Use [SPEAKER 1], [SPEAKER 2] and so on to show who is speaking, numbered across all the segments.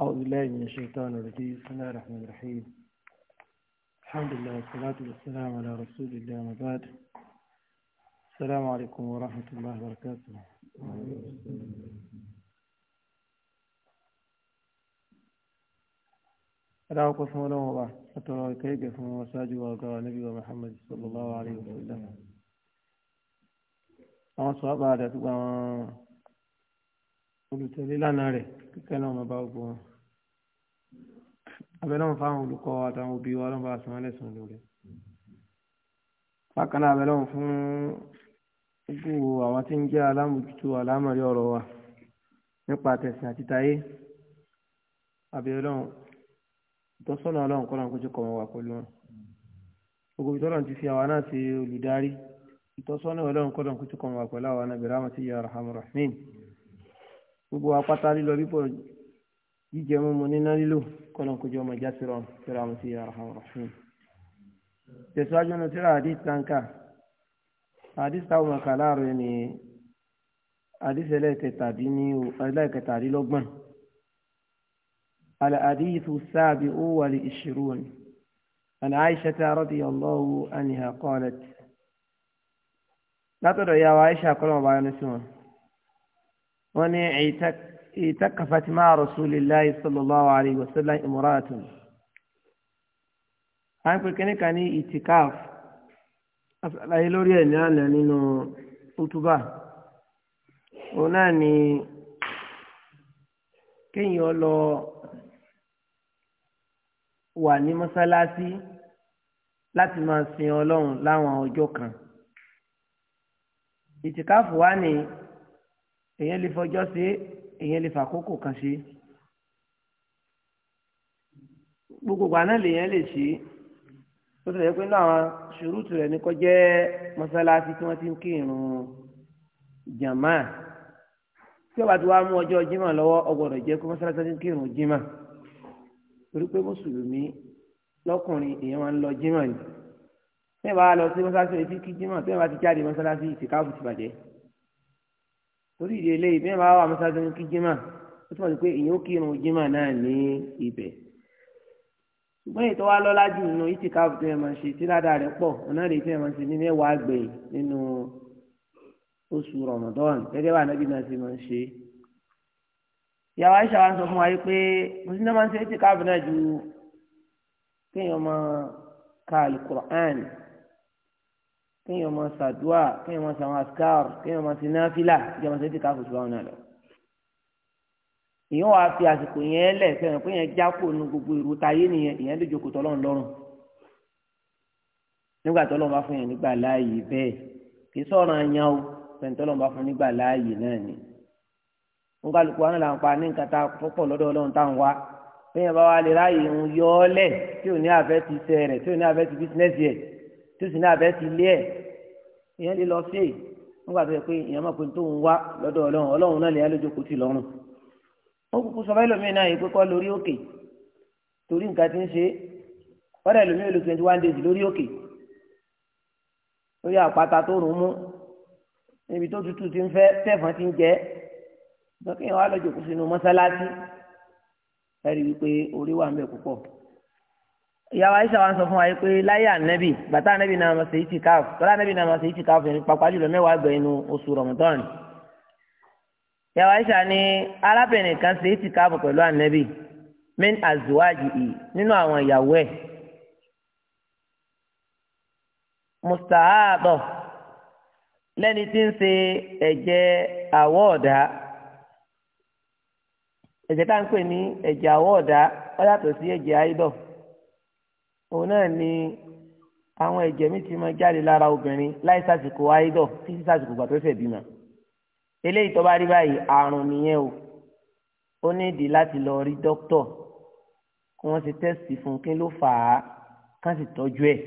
[SPEAKER 1] أعوذ بالله من الشيطان الرجيم بسم الله الرحمن الرحيم الحمد لله والصلاة والسلام على رسول الله وبعد السلام عليكم ورحمة الله وبركاته راو قسم الله وبعد أترى كيف يفهم وساجوا وقال النبي محمد صلى الله عليه وسلم أما صحابة أدعو olùtẹ̀lé lánàá rẹ̀ kíkẹ́ náà máa bá gbogbo wọn. abẹ́ náà fáwọn olùkọ́ àtàwọn òbí wa lọ́nà bá a sanwó lẹ́sàn lórí. bákan náà abẹ́ náà fún gbogbo àwọn tí ń jẹ́ alámòjútó alámọ̀rí ọ̀rọ̀ wa nípa tẹ̀sìn àti tayé abẹ́ náà ìtọ́sọ́nà ọlọ́run kọ́ náà kó ti kọ̀ wọn wà pẹ̀lú wọn. gbogbo ìtọ́lọ́run ti fi àwa náà ṣe olùdarí ìtọ́sọ́nà ọlọ́run kọ́ náà kó ti kọ̀ wọn wà pẹ̀lú àwa náà bẹ̀rẹ̀ àwọn ti yẹ arhamur rahimin gbogbo apáta lílọ bíbọ̀ jíjẹ mú mu níná lílò kọ́nà kójú ọmọ ìjà síra síra mu sí yàrá àwọn ọ̀fun. tẹ̀síwájú nu síra àdìs tanka àdìs táwọn ọ̀kà láàárọ̀ ni àdìs ẹlẹ́kẹtàdínlọ́gbọ̀n. الحديث السابع والعشرون عن عائشة رضي الله عنها قالت لا تدعي يا عائشة كلما بيان سمع wọ́n ní ìtàkàfàtì máa rasulillahi sallallahu alayhi wa sallam imra'atun. à ń pè kíní kan ní ìtìkáf àṣàlàyé lórí ẹ̀ ní àná nínú kútúbà òun náà ni kéèyàn lọ
[SPEAKER 2] wà ní mọ́sálásí láti máa sin ọlọ́run láwọn ọjọ́ kan ìtìkáfù wá ní èèyàn lè fọjọ́ ṣe é èèyàn lè fàkókò kan ṣe é
[SPEAKER 1] gbogbo ìgbà náà lèèyàn lè ṣe é ó ti lè pé náà ṣùrùtù rẹ̀ ní kó jẹ́ mọ́sálásí tí wọ́n ti ń kírun jàmá tí ó bá ti wá mú ọjọ́ jimá lọ́wọ́ ọgbọ́dọ̀ jẹ́ kó mọ́sálásí ti ń kírun jimá torí pé mùsùlùmí lọ́kùnrin èèyàn máa ń lọ jimá ni
[SPEAKER 2] bẹ́ẹ̀ bá lọ sí mọ́sálásí ti kí jimá bẹ́ẹ̀ bá ti jáde mọ́sálásí ìtìkáfù ti bàjẹ́ torí ìdí eléyìí bí wọn bá wà mọ́sáájú ní kí jimá ó túmọ̀ sí pé ìyẹn ó kírun jimá náà ní ibẹ̀ ṣùgbọ́n ètò wa lọ́lá jù nínú itikaf tó yẹ máa ṣe tí ládàá rẹ̀ pọ̀ ọ̀nà rẹ̀ tó yẹ máa ṣe ní mẹ́wàá gbẹ̀yìn nínú oṣù rọ̀mọ̀dọ́n gẹ́gẹ́ bá anábì náà ṣe máa ń ṣe. ìyàwó Aisha wa ń sọ fún wa pé mùsùlùmí máa ń ṣe itikaf náà ju kéèyàn máa ka alukur'an kéèyàn máa ṣàdúà kéèyàn máa ṣàwọn àṣkáàr kéèyàn máa ṣe náfìlà kéèyàn máa ṣe ti káfù ṣùgbọ́n náà lọ. ìyẹn wàá fi àsìkò yẹn lẹ̀ fẹ́ràn pé yẹn jápò nu gbogbo ìrù táyé nìyẹn ìyẹn lè jókòó tọ́lọ́run lọ́rùn. nígbà tọ́lọ́run bá fún yẹn nígbà láàyè bẹ́ẹ̀ kì í sọ̀rọ̀ àyàn o fẹ́ẹ̀ tọ́lọ́run bá fún nígbà láàyè náà ni. wọn kálukú wọn là ń pa ní nǹkan a pọ̀ lọ́dọ̀ ọlọ́run tá à ń wá fẹ́yìn bá wa lè ráàyè ń tó sì ní abẹ́ ti lé ẹ̀ ìyẹn lè lọ sí èyí nígbà tó yẹ pé ìyẹn máa pe tó ń wá lọ́dọ̀ ọlọ́run ọlọ́run náà lè yá lójókòó tì lọ́rùn ó kúkú sọ báyìí lómi náà yìí pé kọ́ lórí òkè torí nǹkan ti ń ṣe ọ̀rẹ́ lómi ò lo twenty one days lórí òkè lórí àpáta tó rùn mú níbi tó tutù ti ń fẹ́ tẹ̀fọ́n ti ń jẹ́ lọ́kàn yẹn wá lọ́jọ́ kó sínú mọ́sálásí ẹ̀rí wípé orí wà ń bẹ púpọ̀ ìyàwó Aisha wa ń sọ fún wa yìí pé láyé ànẹ́bì bàtà ànẹ́bì náà máa ṣe ìtì káàfù tọ́lá ànẹ́bì náà máa ṣe ìtì káàfù yẹn pàpà jùlọ mẹ́wàá gbẹ̀yìn nu oṣù Ramadan ìyàwó Aisha ni arábìnrin kan ṣe ìtì káàfù pẹ̀lú ànẹ́bì min azuwaji yìí nínú àwọn ìyàwó ẹ̀ mustahabọ̀ lẹ́ni tí ń ṣe ẹ̀jẹ̀ àwọ̀ ẹ̀jẹ̀ tá ń pè ní ẹ̀jẹ̀ àwọ̀ ó yàtọ̀ sí ẹ̀jẹ̀ àìdọ̀ òun náà ni àwọn ẹ̀jẹ̀ mi ti máa jáde lára obìnrin láì sàsìkò àìdọ̀ títí sàsìkò gbà tó fẹ́ bímọ eléyìí tó bá rí báyìí àrùn nìyẹn o ó ní ìdí láti lọ rí dókítọ̀ kí wọ́n ti tẹ́sì fún kí ló fà á kán sì tọ́jú ẹ̀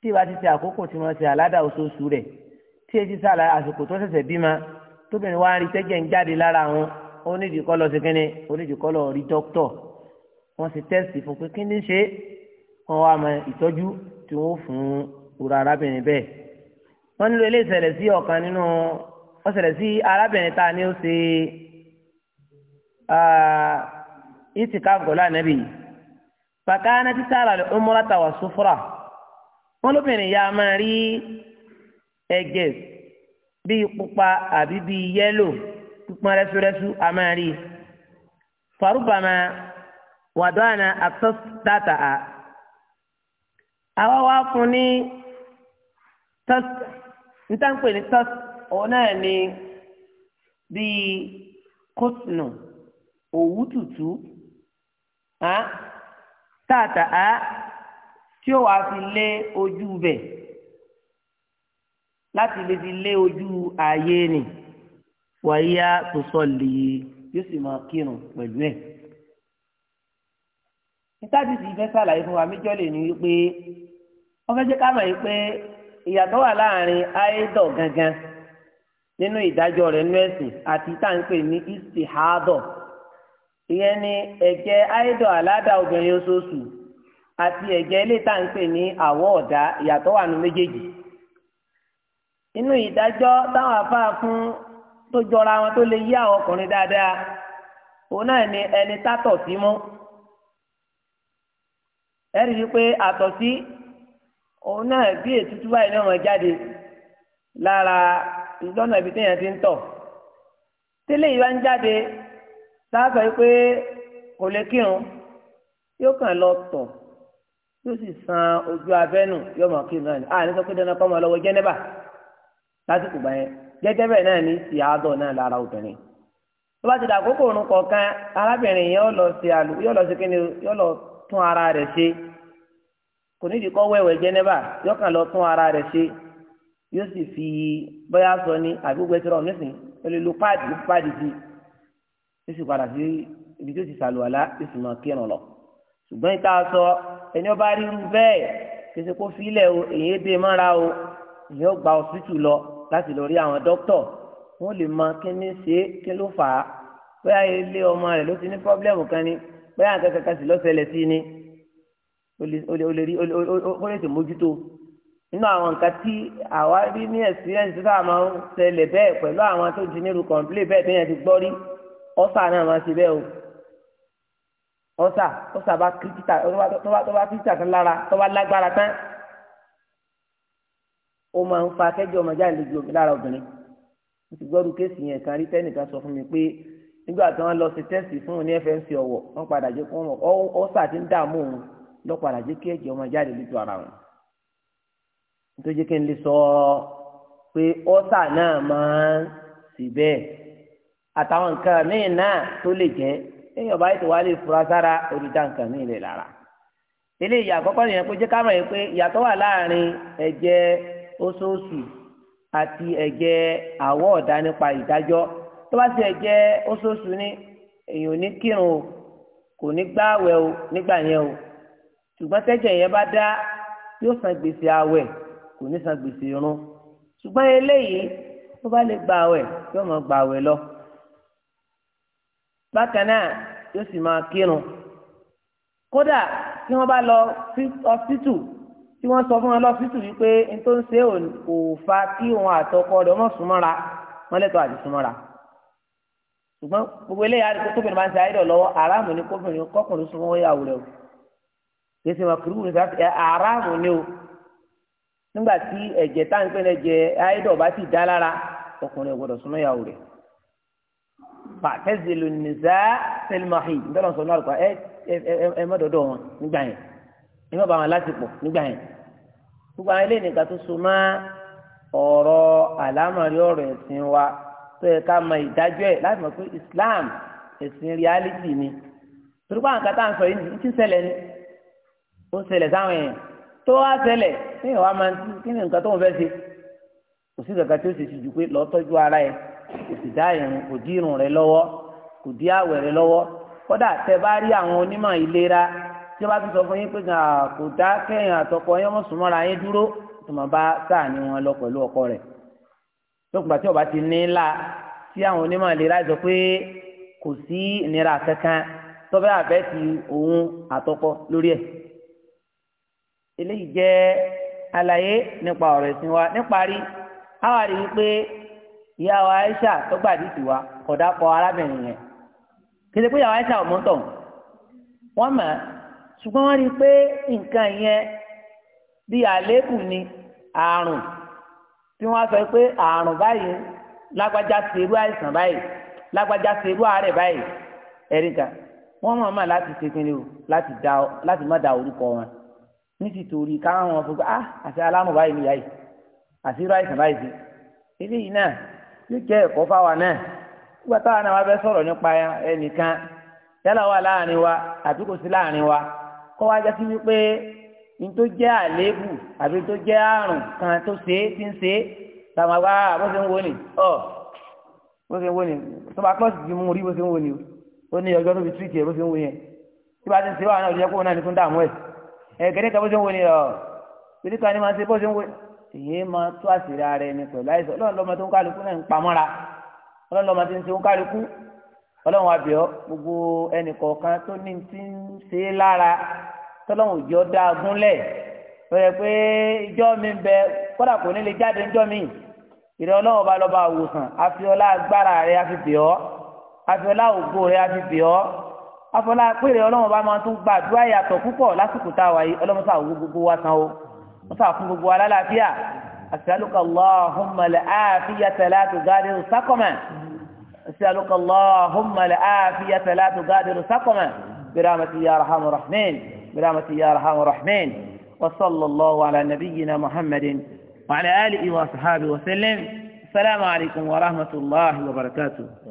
[SPEAKER 2] tí ìbá ti ṣe àkókò tí wọ́n ṣe àládà oṣooṣù rẹ̀ tí etí sàlà àsìkò tó ṣẹ̀ṣẹ̀ bímọ tóbìnrin wa ń rí tẹ́jẹ̀ ń jáde lára wọn ó ní ìdí kó lọ sí kínní ó ní ìdí kó lọ rí dókítọ̀ wọ́n ti tẹ́sì fún kí ní ṣe é wọn wá mọ ìtọ́jú tí wọn fún òrò arábìnrin bẹ́ẹ̀ wọn nílò ilé ìṣẹ̀lẹ̀ sí ọ̀kan nínú wọn ṣẹlẹ̀ sí arábìnrin tá a ó ṣe ìtìkáfù pẹ̀lú ànábì fàkànnà títà àlàlẹ ọmọlátà wà sófúrà wọn lóbìnrin yá máa rí ẹ̀jẹ̀ bíi pupa àbí bíi yẹ́lò pípọn rẹ́súrẹ́sú a máa rí farubama a. àwa wá fún ní tọ́sí nítàǹpẹ̀ ní tọ́sí òun náà ni bíi kóòtùnù òwú tútù tààtà á tí ó wàá fi lé ojú bẹ̀ láti lè fi lé ojú ààyè nì wàyí á tó sọ lè yóò sì máa kírun pẹ̀lú ẹ̀. ìtàdí sì fẹ́ sàlàyé fún wa méjọ́ lè ní wípé wọ́n fẹ́ jẹ́ ká mọ̀ wípé ìyàtọ̀ wà láàrin gangan nínú ìdájọ́ rẹ̀ nú ẹ̀sìn àti táǹpè ní istihadọ̀ ìyẹn ni ẹ̀jẹ̀ áédọ̀ aládà obìnrin oṣooṣù àti ẹ̀jẹ̀ ilé táǹpè ní àwọ̀ ọ̀dà ìyàtọ̀ wà nú méjèèjì inú ìdájọ́ táwọn afáà fún tó jọra wọn tó lè yí àwọn ọkùnrin dáadáa òun náà ni ẹni tátọ̀ ẹ̀rí ni pé àtọ̀sí òun náà bí ètùtù báyìí náà wọ́n jáde lára lọ́nà ibi téèyàn ti ń tọ̀ tẹ́lẹ̀ yìí ń jáde sáàsọ pé kò lè kírun yóò kàn lọ san ojú abẹ́nù yóò mọ̀ kírun náà ni àní sọ pé dandan kọ́ mọ́ lọ́wọ́ jẹ́nẹ́bà lásìkò báyẹn gẹ́gẹ́ bẹ́ẹ̀ náà ní ti àádọ́ náà lára obìnrin tó bá ti dà kókò kọ̀ọ̀kan arábìnrin yóò lọ sí kíni yóò lọ tún ara rẹ̀ ṣe kò nídìí kọ́ wẹ̀wẹ̀ jẹ́nẹ́bà yóò kàn lọ tún ara rẹ̀ ṣe yóò sì fi bóyá sọ ní àgbègbè tí rọ̀ nísìn ó lè lo páàdì ó páàdì sí ó sì padà sí ibi tó ti sàlùwàlá ó sì máa kírun lọ ṣùgbọ́n ìta sọ ẹni ọba rí irú bẹ́ẹ̀ kèsì kó filẹ̀ o èyí dé mọ́ra o èyí ó gba ọ̀sítù lọ láti lọ rí àwọn dókítọ̀ wọ́n lè mọ kí ni ṣe kí ló fà á bóyá ilé ọmọ rẹ̀ ló ti ní pọ́blẹ́mù kan ni bóyá nǹkan kankan sì lọ́sẹ̀lẹ̀ sí ni o lè rí o lè sì mójútó nínú àwọn nǹkan tí àwa rí ní experience tá a máa ń ṣẹlẹ̀ bẹ́ẹ̀ pẹ̀lú àwọn tó di nílùú kọ̀ǹpilé bẹ́ẹ̀ tó yẹn ti gbọ́ rí ọ̀sà náà máa ṣe bẹ́ẹ̀ o ọ̀sà ọ̀sà bá kírísítà tó bá kírísítà tán lára tó bá lágbára tán ó máa ń fa akẹ́jọ́ ọmọdé àlejò lára obìnrin mo ti gbọ́dọ̀ kéèsì yẹn kan rí tẹ́nìkan sọ fún mi pé nígbà tí wọ́n lọ sí tẹ́sì fún un ní fnc ọ̀wọ̀ wọ́n padà jẹ́ fún wọn ti ń dààmú òun lọ padà jẹ́ kí ẹ̀jẹ̀ ọmọ jáde ara wọn. n lè sọ pé ọ́sà náà máa ń sì bẹ́ẹ̀ àtàwọn nǹkan míì náà tó lè jẹ́ èèyàn báyìí tó wá lè fura sára oríta nǹkan míì lè lára. eléyìí àkọ́kọ́ nìyẹn pé jẹ́ ká mọ̀ pé ìyàtọ̀ wà láàrin ẹ̀jẹ̀ oṣooṣù àti ẹ̀jẹ̀ àwọ̀ tó bá tiẹ̀ jẹ́ oṣooṣù ni èyàn ò ní kírun o kò ní gbààwẹ̀ o nígbà yẹn o ṣùgbọ́n tẹ́jẹ̀ yẹn bá dá yóò san gbèsè àwẹ̀ kò ní san gbèsè irun ṣùgbọ́n eléyìí tó bá lè gbààwẹ̀ yóò máa gbààwẹ̀ lọ bákan náà yóò sì máa kírun kódà tí wọ́n bá lọ ọsítù tí wọ́n sọ fún wọn lọ́sítù wípé n tó ń ṣe kò fa kí òun àtọkọ rẹ̀ ọmọ súnmọ́ra wọ́n àti súnmọ́ra ṣùgbọ́n gbogbo eléyà á rí kó tóbìnrin máa ń ṣe àìdọ̀ lọ́wọ́ aráàmù ni kóbìnrin kọkùnrin sún wọ́n yàwó rẹ̀ o kì í ṣe máa kúrú rẹ̀ aráàmù ni o nígbà tí ẹ̀jẹ̀ táǹpẹ́ ẹ̀jẹ̀ àìdọ̀ bá ti dá lára ọkùnrin ọ̀gbọ́dọ̀ sún yàwó rẹ̀ fàtẹ́sílù nìṣá sẹlmahi ntọ́lọ́ sọ náà ẹ ẹ mọ́dọ̀dọ̀ wọn nígbà yẹn ẹ má bá wọn láti pọ̀ nígbà yẹn gbogbo àwọn eléyìí nìkan tó so má ọ̀rọ̀ àlámọ̀rí ọ̀rọ̀ ẹ̀sìn wa tó yẹ ká mọ ìdájọ́ ẹ̀ láti mọ̀ pé Islam ẹ̀sìn reality ni torí pé àwọn kan tá à ń sọ yìí ní ti ṣẹlẹ̀ ni ó ṣẹlẹ̀ sáwọn èèyàn tó wá ṣẹlẹ̀ ní ìwà máa ń tí kí ni nǹkan tó ń fẹ́ ṣe kò sí kankan tí ó ṣe ṣe jù pé lọ tọ́jú ara ẹ̀ kò sì dá ìrìn kò dí irun rẹ lọ́wọ́ kò dí àwẹ̀ rẹ lọ́wọ́ kódà tẹ bá rí àwọn onímọ̀ ìlera tí wọ́n bá ti sọ fún yín pé kò dá kẹ́yìn àtọkọ yín mọ̀sùnmọ́ra yín dúró tó máa bá sáà ní wọn lọ pẹ̀lú ọkọ rẹ̀ lókùnbà tí ọba ti ní ńlá tí àwọn onímọ̀ ìlera sọ pé kò sí ìnira kankan tọ́bẹ̀ àbẹ́ ti òun àtọkọ lórí ẹ̀ eléyìí jẹ́ àlàyé nípa ọ̀rọ̀ ẹ̀sìn wa níparí àwọn àrí wípé ìyá wa Aisha tó gbàdìsí wa kódà kọ arábìnrin yẹn kí ni pé ìyá wa Aisha ọmọ tọ̀ wọ́n mọ̀ ṣùgbọ́n wọ́n rí i pé nǹkan yẹn bíi àlékún ni àrùn tí wọ́n sọ pé àrùn báyìí lágbájá ṣe irú àìsàn báyìí lágbájá ṣe irú àárẹ̀ báyìí ẹ̀ríkà wọ́n mọ̀ mọ̀ láti ṣe pinnu o láti da láti má da orúkọ wọn nítorí káwọn wọn fọgbà ah àti alámọ̀ báyìí ni yáyìí àti irú àìsàn báyìí sí eléyìí náà yóò jẹ́ ẹ̀kọ́ fáwa náà nígbà táwa náà wá fẹ́ sọ̀rọ̀ nípa ẹnìkan yálà wà láàrin wa àbí kò sí láàrin wa kọ́ wa jẹ́ wípé tó jẹ́ àléébù àbí tó jẹ́ àrùn kan tó ṣe é ti ń ṣe é tàwọn àgbà bó ṣe ń wo ni ọ bó ṣe ń wo ni tó bá kọ́ọ̀sì ti mú rí bó ṣe ń wo ni ó ní ọjọ́ tó fi tírìtì ẹ̀ bó ṣe ń wo yẹn tí bá ti ń ṣe wàhánà òjò kóhùn náà ni tó ń dààmú ẹ̀ ẹ̀ kẹ́ni kan bó ṣe ń wo ni ọ kẹ́ni kan ni máa ṣe bó ṣe ń wo èyí máa tó àṣírí ara ẹni pẹ̀lú àìsàn ọlọ́run lọ́mọ tọ́lọ́hún ìjọ dá a gúnlẹ̀ bẹ̀rẹ̀ pé ìjọ mi bẹ kódà kò ní lè jáde ńjọ mi ìrẹ́ ọlọ́wọ́ bá lọ́ba àwòsàn àfiọ́lá agbára rẹ àfipè ọ́ àfiọ́lá ògo rẹ àfipè ọ́ àfọlá péré ọlọ́wọ́ bá máa tún gbàdúrà yàtọ̀ púpọ̀ lásìkò tá a wáyé ọlọ́wọ́ sà wú gbogbo wa san o wọ́n sà fún gbogbo wa lálàáfíà àṣàlùkà allahumma al-afiyata la tugadiru برحمتك يا أرحم الراحمين وصلى الله على نبينا محمد وعلى آله وصحبه وسلم السلام عليكم ورحمة الله وبركاته